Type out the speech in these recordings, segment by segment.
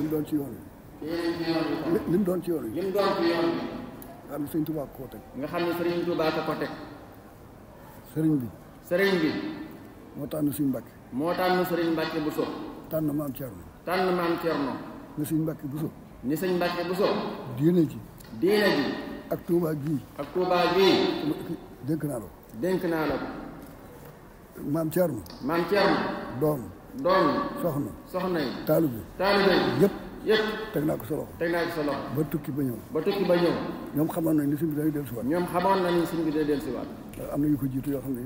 li mu doon ci yoon wi. li mu doon ci yoon wi. li mu doon ci yoon wi. nga xam ne sëriñ Touba ko teg. nga xam ne sëriñ Touba ko teg. sëriñ bi. sëriñ bi. moo tànn suñu mbàkk. moo tànn sëriñ Mbàkke Bousso. tànn maam Thierno. tànn maam Thierno. ni suñu Mbàkke Bousso. ni suñu Mbàkke Bousso. diine ji. diine ji. ak Touba gii. ak Touba gii. dénk naa la ko. dénk naa la ko. maam Thierno. maam Thierno. doom. doom soxna soxna yi taalibe yi taalu bi yëpp yëpp teg naa ko sa loxo teg naa ba tukki ba ñëw ba tukki ba ñëw ñoom xamoon nañ ni suñ bi day del siwaat ñoom xamoon nañ ni suñ bi day dell siwaat am na yu yoo xam ne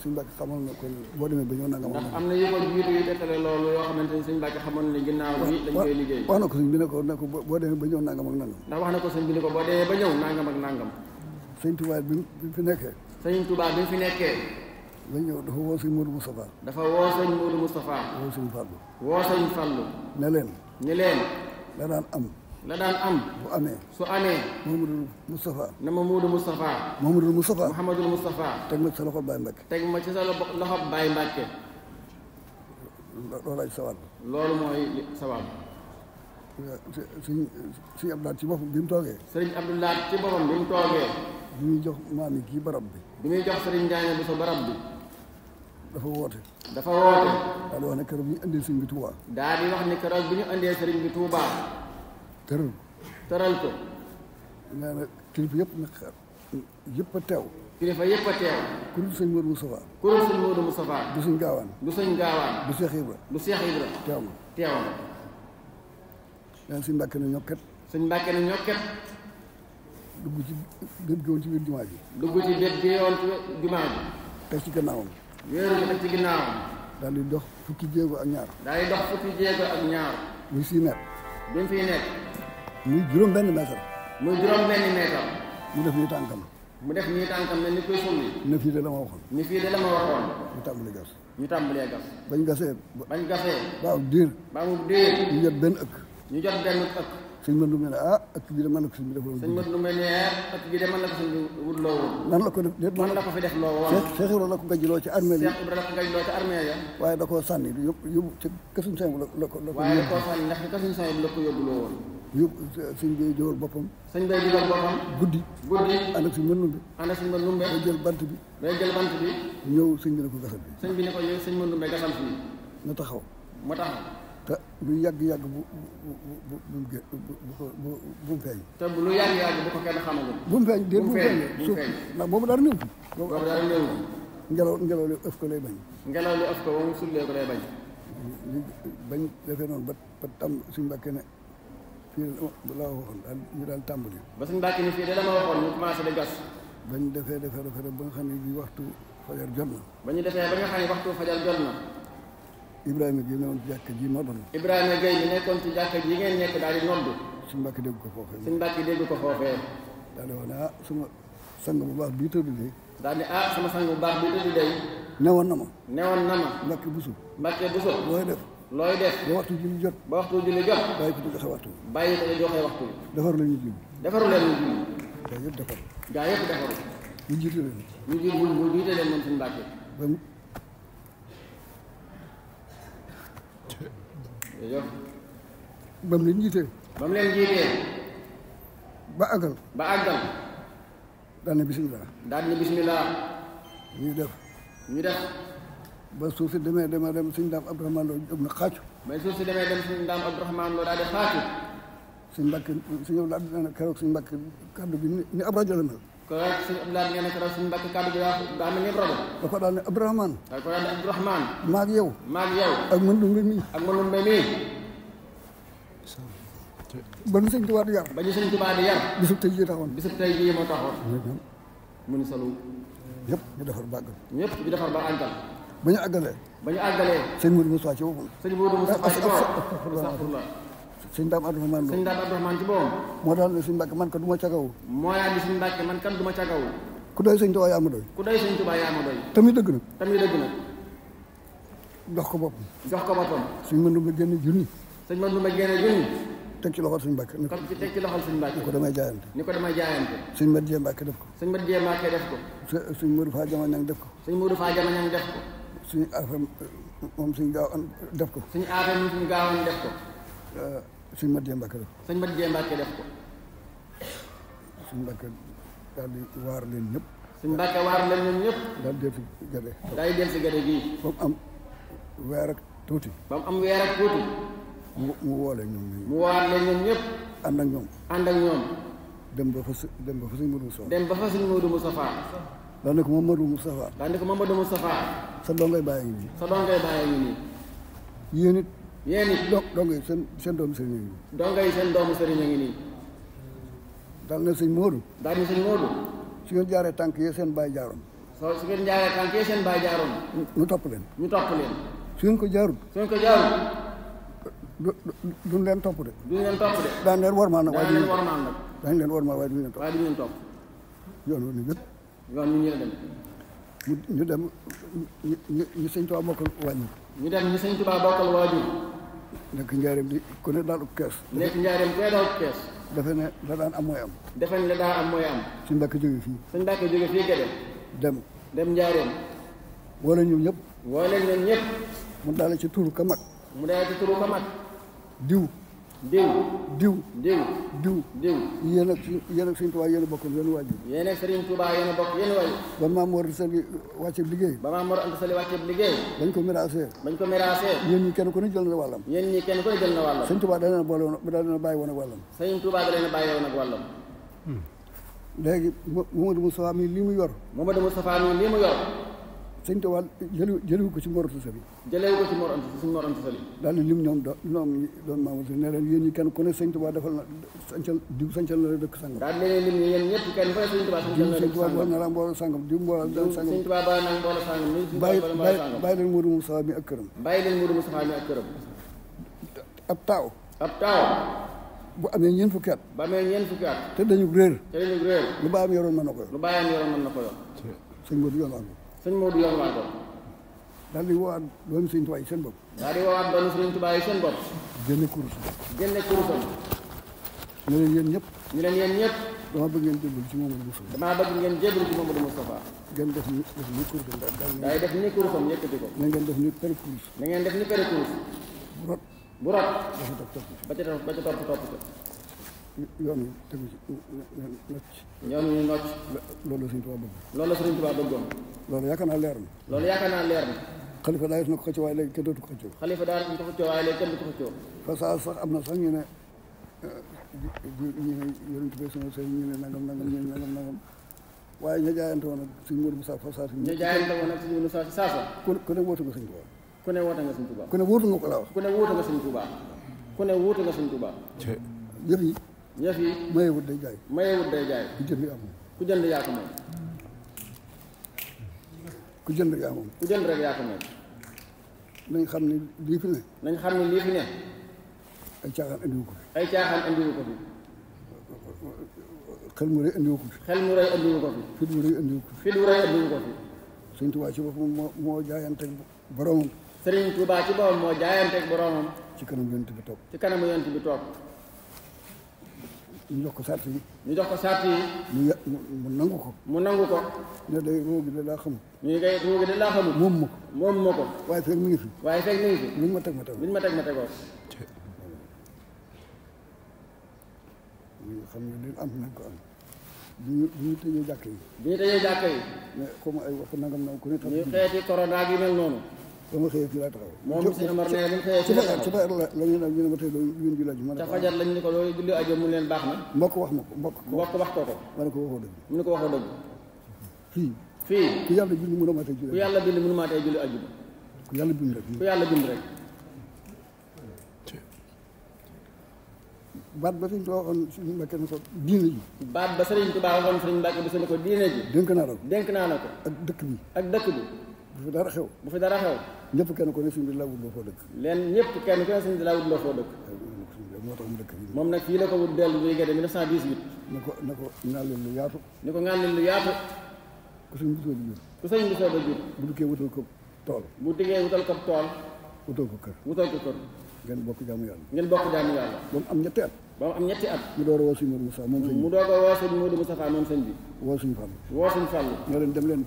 suñ Mbàkke xamoon na ko boo demee ba ñëw na nga am na yu ko jiitu yu dekkale loolu yoo xamante ni suñ Mbàkke xamoon ni ginnaaw liggéey wax na ko suñ bi ne ko ne ko boo demee ba ñëw nangam ak nangam ndax wax na ko suñ bi ne ko boo demee ba ñëw nangam ak nangam sëñ Tuubaa bi fi nekkee sëñ Tuubaa bi fi nekkee dañ ñëw dafa woo sëñ Modou Moustapha. dafa woo sëñ Modou Moustapha. woo sëñ Fallou. woo sëñ Fallou. ne leen. ne leen. la daan am. la daan am. bu amee. su amee. Mamadou Moustapha. na ma Mamadou Moustapha. Mamadou Moustapha. Mouhamadou Moustapha. teg ma ci sa loxo Baye Mbacke. teg ma ci sa loxo Baye Mbacke. loolu laaj sawal. loolu mooy sawal. sëñ sëñ Abdoulaye ci boppam bi mu toogee. sëñ Abdoulaye ci boppam bi mu toogee. bi muy jox maam yi kii barab bi. bi muy jox sëriñ Njaaña bu sa barab bi. dafa woote. dafa woote. daal di wax ne keroog bi ñu andee sëriñ bi Touba. daal di wax ne keroog bi ñu andee sëriñ bi Touba. tëral ko. tëral ko. nee na kilifa yëpp nag yëpp a teew. kilifa yëpp a teew. ku dul sëñ Modou Moustapha. ku dul sëñ Modou Moustapha. du sëñ Gaawaan. du sëñ Gaawaan. du Cheikh Ibra. du Cheikh Ibra. teew na teew na. nee na sëñ Mbàkke na ñokket. sëñ Mbàkke na ñokket. dugg ci bépp gi woon ci biir jumaa ji. dugg ci bépp gi woon ci jumaa ji. teg ci gannaawam. wéeru bi nag ci ginnaawam. daal di dox fukki jéego ak ñaar. daal di dox fukki jéego ak ñaar. muy six mètres. bi mu fiy nekk. muy juróom benn mètre. muy juróom benn mètre. mu def nii tànkam. mu def nii tànkam mel ni koy summi. ne fii de la ma waxoon. ni fii de la ma waxoon. ñu tàmbalee gas. ñu tàmbalee gas. bañ gasee. bañ gasee. baaw diir. diir. ñu jot benn ëkk. ñu jot benn ëkk. sëñ Madou Mbène ah ëtt bi de mën na ko sëñ bi def loolu. sëñ Madou Mbène ah ëtt bi de mën na ko sëñ bi wut loo woon. nan la ko def déet man la ko fi def loo woon. Cheikh Cheikh Ibrahima la ko gajjloo ci armée bi. Cheikh Ibrahima la ko gajjloo ci armée ya. waaye da koo sànni yóbbu yóbbu ci kësuñ sëñ la ko la ko. waaye da koo sànni ndax ci kësuñ sëñ la ko yóbbu loo woon. yóbbu sëñ bi jógal boppam. sëñ bay jógal boppam. guddi. guddi ànd ak sëñ Madou Mbène. ànd ak sëñ Madou Mbène. day jël bant bi. day jël bant bi. ñëw sëñ bi ne ko gasal bi. sëñ bi ne ko yow sëñ Madou Mbène gasal fii. na taxaw. ma taxaw. te lu yàgg-yàgg bu bu bu bu bu bu mu feeñ. te bu lu yàgg-yàgg bu ko kenn xamagum. bu mu feeñ déet boobu dara néew. boobu dara néew. ngelaw ngelaw li ëf ko lay bañ. ngelaw li ëf ko ba mu sullee ko lay bañ. li bañ defee noonu ba ba tam suñu mbàkkee ne fii la waxoon daal ñu daal tàmbali. ba suñu mbàkkee ne fii de dama waxoon ñu commencé di gas. bañ defee defee defee ba nga xam ne bii waxtu fajar jot na. ba ñu defee ba nga xam ne waxtu fajar jot na. Ibrahima Gueye nekkoon ci jàkka ji noddoon Ibrahima nekkoon ci jàkka ji ngeen nekk daal di noddu suñu mbàkk dégg ko foofee suñu mbàkk dégg ko foofee daal di wax ne ah suma sang bu daal di ah sama sang bu na ma newoon na ma mbàkke busu mbàkke looy def looy def ba waxtu julli jot ba waxtu julli jot bàyyi ko di joxe waxtu bàyyi ko di joxe defaru leen ñu julli defaru leen ñu julli gaa yëpp defaru gaa yëpp defaru ñu jiite leen ñu leen moom suñu mbàkke jërëjëf. ba mu leen jiitee. ba mu leen jiitee. ba àggal. ba àggal. daan na bisimilah. daan na def. ñu def. ba suuf si demee demee dem suñu daam Abdourahmane Lo dem na xaaju. ba si demee dem suñu daam Abdourahmane Lo daal di xaaju. suñu mbàkk suñu keroog suñu mbàkk kàddu bi ni ab rajo la mel. ko suñu am laaj nee na ko suñu mbàkk kàddu gi wax daa na ngeen robo da ko daal ne Abdourahmane da ko daal ne Abdourahmane maag yow maag yow ak mën dumbe mii ak mën dumbe mii ba ñu sëñ Tuubaa di yar ba ñu sëñ Tuubaa di yar bisub tey jii taxoon bisub tey jii moo taxoon mu ni salu ñëpp ñu defar ba àggal ñëpp ñu defar ba àggal ba ñu àggalee ba ñu àggalee sëñ Mourou Moussa ci boppam sëñ Mourou Moussa ci boppam suñ daam Abdourahmane sëñ daam Abdourahmane ci boppam moo daal ne sëñ Mbàkke man kat du ma cagawu moo daal ne sëñ man kat du ma cagawu ku doy sëñ Tuubaa yaa ma doy ku doy sëñ Tuubaa yaa ma doy tamit dëgg nag tamit dëgg jox ko boppam jox ko boppam suñ mën du ma génne junni suñ mën du ma génne junni teg ci loxol suñ Mbàkke teg ci loxol suñ Mbàkke ko damay jaayante ni ko damay jaayante suñ mat jee Mbàkke def ko suñ mat jee Mbàkke def ko suñ Modou Faa Jama Ñang def ko suñ Modou Faa Jama Ñang def ko suñu affaire moom suñ gaaw an def ko suñu affaire moom def ko euh, suñ Mat Jee Mbàkke def ko. sëñ Mat Jee Mbàkke def ko. sëñ Mbàkke daal di waar leen ñëpp. sëñ Mbàkke waar leen ñoom ñëpp. daal di dellu si gade. daal di am weer ak tuuti. ba mu am weer ak tuuti. mu mu woole ñoom. mu waar leen ñoom ñëpp. ànd ak ñoom. ànd ak ñoom. dem ba fa suñ Modou Moustapha. dem ba fa suñ Modou Moustapha. daanaka Mamadou Moustapha. sa dongay bàyyi nii. sa dongay bàyyi nii. yéen it. yéen it do donga yi seen seen doomu sëriñ a ngi nii. donga yi seen doomu sëriñ a ngi nii. daal na sëñ Modou. daal na sëñ Modou. su ngeen jaaree tànk yee seen baay jaaroon. soo su ngeen jaaree tànk yee seen baay jaaroon. ñu topp leen. ñu topp leen. su ngeen ko jaarul. su ngeen ko jaarul. du du duñ leen topp de. duñ leen topp de. daan leen warmaan nag. waaye duñ leen topp daan leen warmaan nag. daañu leen warmaan waaye duñ leen topp. waaye duñ leen topp. yoon wi nii yëpp. yoon wi nii la dem. ñu ñu dem ñu ñu ñu sëñ Tuubaa bokkal wàññi. ñu dem sëñ Tuubaa bokkal waajur. nekk njaareem di ko ne daal kees. nekk njaareem ku ne daal kees. defe ne la daan am mooy am. defe ne la daan am mooy am. suñ mbàkk jóge fii. suñ mbàkk jóge fii gëdëm. dem dem njaareem. wala ñoom ñëpp. wala ñoom ñëpp. mu daal ci turu ka mag. mu daal ci turu ka mag. diw. diw diw diw diw diw yéen ak yéen ak Sëriñ Tuubaa yéen a bokkoon yéen waajur yéen ak Sëriñ Tuubaa yéen a bokk yéen waajur ba Maam Mor Sali wàcce liggéey ba Maam Mor Anta Sali wàcce liggéey bañ ko miraasee bañ ko miraasee yéen ñi kenn ku ne jël na wàllam yéen ñi kenn ku ne jël na wàllam Sëriñ Tuubaa da leen boole woon da leen bàyyi woon ak wàllam Sëriñ Tuubaa da hmm. mu yor Mamadou Moustapha mi lii yor sëñ Tuubaa jëlee jëlee ko ci Mor bi Sali. jëlee ko ci Mor Anta suñ Mor Anta Sali. lim ñoom do ñoom doon maamu si ne ñi kenn ku ne sëñ Tuubaa defal na sancal diw sancal na la dëkk sangam. daal di leen lim yéen ñëpp kenn ku ne sëñ Tuubaa sancal na la dëkk sangam diw sëñ Tuubaa boo bàyyi bàyyi leen Mourou Moussa mi ak këram. bàyyi leen Mourou Moussa mi ak këram. ab taaw. ab taaw. bu amee ñeent fukki at. ba amee ñeent fukki at. te dañu réer. te dañu réer. lu baayam yoroon mën na ko lu baayam yoroon mën na ko yor. sëñ Modou yoon sëñ Modou yoon waat ko. daal di woowaat doomi sëñ Tuubaa yi seen bopp. daal di woowaat doomi sëñ Tuubaa yi seen bopp. génne kurusam. génne kurusam. ñu leen yéen ñëpp. ñu leen yéen ñëpp. dama bëgg ngeen jébbalu ci Mamadou Moustapha. damaa bëgg ngeen jébbalu ci Mamadou Moustapha. ngeen def ni def ni kurusam. daay def ni kurusam yëkkati na ngeen def ni pere kurus. na ngeen def ni pere kurus. bu rot. bu rot. ba ca topp topp yoon wi tegu ci nocc. yoon wi nocc. loolu la Sëriñ Tuubaa bëgg. loolu la Sëriñ Tuubaa bëggoon. loolu yaakaar naa leer na. loolu yaakaar naa leer na. xalifa daa na ko xëccoo waaye léegi kenn dootu ko xëccoo. xalifa ko xëccoo waaye léegi kenn dootu ko xëccoo. fa saa sax am na sax ñu ne euh, ñu ne yonent bi sama sëriñ ñu ne nangam nangam ñu ne nangam nangam waaye ña jaayante woon ak suñu mbirum saa fa saa si. ña si saa sa. ku ku ne woote nga Sëriñ Tuubaa. ku ne woote nga Sëriñ Tuubaa. ku ne woote nga ko laa wax. ku ne woote nga Sëriñ Tuubaa. ku yi ñax yi mayewut day jaay mayewut day jaay ku jënd yaa moom ku jënd rek yaa moom nañ xam ni lii fi ne nañ xam ne lii fi ne ay caaxaan andiwu ko fi ay caaxaan andiwu ko fi mu rëy andiwu ko fi xel fit mu rëy andiwu ko fi fit mu rëy andiwu ko fi sëñ Tuubaa ci boppam moo moo jaayanteeg boromam sëriñ Tuubaa ci boppam moo jaayanteeg boromam ci kanam yonent bi toog ci kanam yonent bi toog ñu jox ko sart yi. ñu jox ko sart yi. mu ya mu nangu ko. mu nangu ko. ñu day ruu gi da laa xamul. ñu ngi koy ruu gi da laa xamul. ko. moom mi ngi fi. waaye fekk mi ngi fi. luñ ma teg ma teg luñ ma xam ne li am nañ ko am. bi ñu bi ñu tëjee jàkka yi. bi ñu tëjee jàkka yi. mais comme ay waxu nangam na ko ne. ñu xeeti corona gi mel noonu. dama xëyee fii laa taxaw. moom monsieur Omar na bu xëyee fii laa taxaw ci la ne ma tey julli aju ma ne ko loolu julli aju mu leen baax na mbokk wax ma ko mbokk mbokk wax ko ko ma ne ko waxoo dëgg mu ne ko waxoo dëgg fii fii ku yàlla bind mënu maa julli ku yàlla bind mënu maa tey julli aju ku yàlla bind rek ku yàlla bind rek baat ba sëriñ Tuubaa waxoon sëriñ Mbàkke ne ko diine ji baat ba sëriñ Tuubaa waxoon sëriñ Mbàkke bi ne ko diine ji dénk naa la ko dénk naa la ko ak dëkk bi ak dëkk bi bu fi dara xew bu fi dara xew ñëpp kenn ko ne suñu bi laa wut loo foo dëkk leen ñëpp kenn ku ne suñu bi laa wut loo foo dëkk moom nag fii la ko wut dellu bi gade 1918 ne ko ne ko ngaan leen lu yaatu ne ko ngaan leen lu yaatu ku suñ bisoo ba jur ku suñ bisoo ba jur bu dikkee wutal ko tool bu dikkee wutal ko tool wutoo ko kër wutoo ko kër ngeen bokk jaamu yàlla ngeen bokk jaamu yàlla ba mu am ñetti at ba mu am ñetti at mu door a woo suñu Modou Moustapha moom sëñ mu door a woo suñu Modou Moustapha moom sëñ bi woo suñu Fall woo suñu Fall ne leen dem leen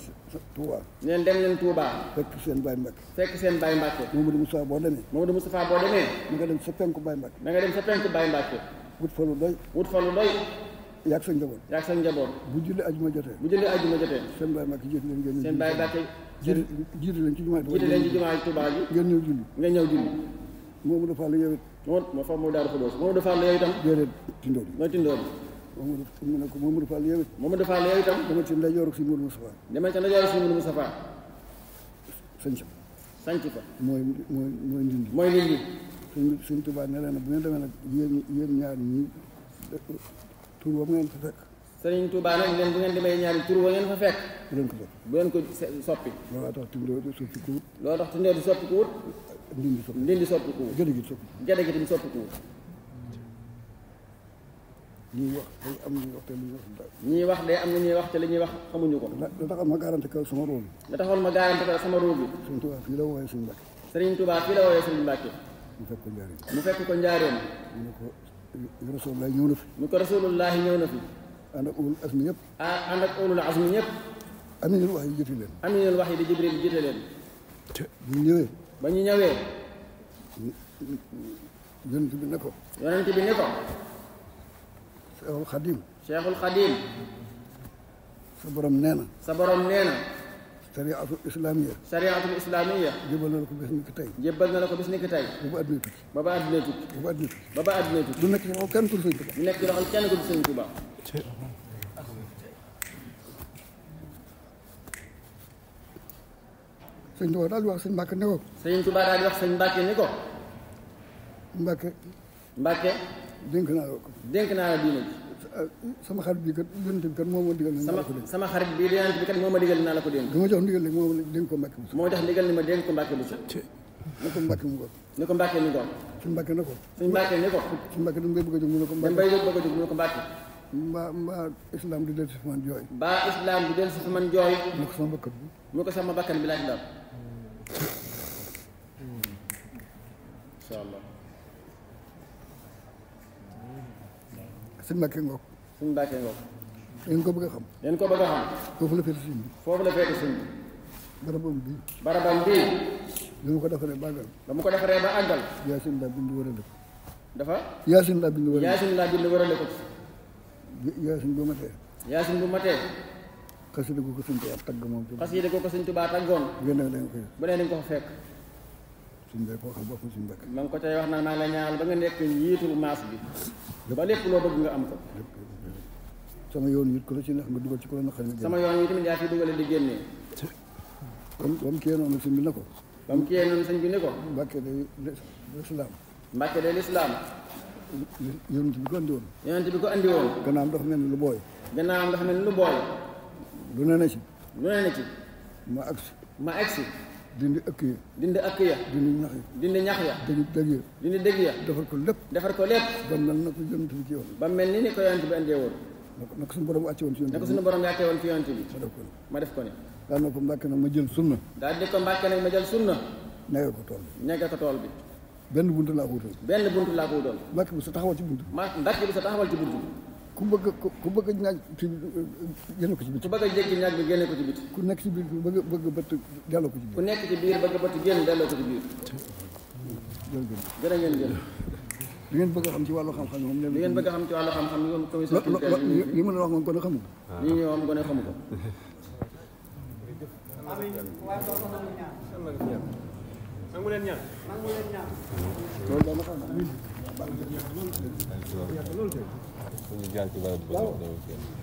Touba neen dem leen Touba fekk seen Baye Mbacke fekk seen Baye Mbacke Mamadou Moustapha boo demee Mamadou Moustapha boo demee na nga dem sa penku Baye Mbacke na nga dem sa penku Baye Mbacke wut fa lu doy wut fa lu doy yaag sa njaboot yaag sa njaboot bu julli ajuma jotee bu julli ajuma jotee seen Baye Mbacke jiit leen ngeen seen Baye Mbacke jiite jiite leen ci jumaa ji jiite leen ci jumaa ji Tuubaa ji ngeen ñëw julli ngeen ñëw julli moomu dafa la yow it moom moo fa mu daal ko doos moomu dafa la yow itam déedéet tindóo bi mooy tindóo bi moom mu ne ko moomu dafa la yow it moomu dafa la yow itam dama ci ndeyjooru si Mourou Moustapha dama ci ndeyjooru si Mourou Moustapha sañ sa sañ ci fa mooy mooy mooy ndindi mooy ndindi suñ suñ Tuubaa ne leen bu ngeen demee nag yéen yéen ñaar ñi tur boobu ngeen fa fekk sëriñ Touba nag leen bu ngeen di may ñaari tur wa ngeen fa fekk. bu leen ko soppi bu leen ko soppi. tax tundoo di soppi ku wut. di soppi ku wut. ndindi soppi ndindi soppi gi soppi gëdë gi tamit soppi ku wut. ñii wax day am lu ñuy ñuy wax. ñii wax day am lu ñuy wax te li ñuy wax xamuñu ko. la taxoon ma garanti ko sama rôle. la taxoon ma garanti ko sama rôle bi. sëriñ Touba fii la wooyee suñu Mbàkke. sëriñ Touba fii la wooyee suñu Mbàkke. mu fekk ko njaareem. mu fekk ko njaareem. mu ne ko Rasulullaahi ñëw na fi. mu ko Rasulullaahi ñëw na fi. ànd ak ulul azmi ñëpp. ah ànd ak ulul azmi wax yi jëti leen. aminul wax yi di Jibril jëte leen. te bu ñu ñëwee. ba ñu ñëwee. yonent bi ne ko. yonent bi ne ko. sa borom nee na. sa borom nee sariyaatu islaamiya sariyaatu islaamiya jébbal na la ko bis ni ki tey jébbal na la ko bis ni ki tey ba ba adduna tukki ba ba adduna tukki ba ba adduna tukki ba ba adduna tukki du nekk ci loxo kenn ku dul sëñ Tuubaa du nekk ci loxo kenn ku dul sëñ Tuubaa sëñ Tuubaa daal di wax sëñ Mbàkke ne ko sëñ Tuubaa daal di wax sëñ Mbàkke ni ko Mbàkke Mbàkke dénk naa la ko dénk naa la diine ji sama xarit bi kat yonent bi kat moo ma digal sama sama xarit bi yonent bi kat moo ma digal naa la ko dénk ma jox ndigal moo ma dénk ko Mbàkke moo jox ndigal ni ma dénk ko Mbàkke bu ne ko Mbàkke mu ko ne ko Mbàkke mu ko suñ Mbàkke na ko suñ Mbàkke ne ko suñ Mbàkke dam bay bëgg a jóg mu ne ko dam bay bëgg a jóg mu ne ko Mbàkke mbaa mbaa islam di del si fi man jooy mbaa islam di del si fi man jooy mu ko sama bakkan bi mu ko sama bakkan bi laaj ndaw insha allah sëñ Mbàkke ngoog sëñ Mbàkke ngoog dañ ko bëgg a xam dañ ko bëgg a xam foofu la féete sëñ bi foofu la féete sëñ bi barabam bii barabam bii li mu ko defaree ba àggal ba mu ko defaree ba àggal yaasin laa bind wërale ko dafa yaasin laa bind wërale yaasin laa bind wërale ko yaasin bu matee yaasin bu matee xasida ko ko sëñ Tuubaa tagg moom xasida ko ko sëñ baa taggoon bu ne dañ ko fekk suñu ma ngi ko cay wax naa naa la ñaanal ba nga nekk njiitul maas bi. ba lépp loo bëgg nga am ko. sama yoon it ko la ci neex nga dugal ci ku la naqari nga génne. sama yoon yi tamit yaa fi dugalee di génnee. comme ne ko. comme kii yee noonu sëñ bi ne ko. mbàkke de lislaam. mbàkke de lislaam. yonent woon. yonent bi ko andi woon. gannaawam dafa mel ni lu booy. gannaawam dafa mel ni lu booy. lu ne na ci. lu ne na ci. ma agsi. ma agsi. dindi ëkk ya dindi ëkk ya dindi ñax ya dindi ñax ya dindi dëgg ya dindi dëgg ya defar ko lépp defar ko lépp ba mel ba mel ni ni ko yonent bi indee woon na ko suñu borom wàcce woon ci yonent bi na ko suñu borom wàcce woon ci yonent bi ma def ko ni ma def ko mbàkke nag ma jël sunna daal di ko mbàkke nag ma jël sunna ñagal ko tool bi ñagal ko tool bi benn buntu laa ko wutoon benn buntu laa ko wutoon mbàkke bu sa taxawal ci buntu mbàkke bu sa taxawal ci buntu ku bëgg ku bëgg ñaaj ci génne ko ci biti. ku bëgg a jéggi ñaaj bi génne ko ci biti. ku nekk ci biir bëgg bëgg bëtt delloo ko ci biir. ku nekk ci biir bëgg bëtt génn delloo ko ci biir. jërë ngeen jëf. li ngeen bëgg a xam ci wàllu xam-xam moom li ngeen bëgg a xam ci wàllu xam-xam moom commission li mën a wax moom gone xamu ko. Ah. li ñuy wax gone xamu ko. nangu leen ñaan. nangu leen ñaan. loolu dama xam. poniedziałki, bo do weekendu.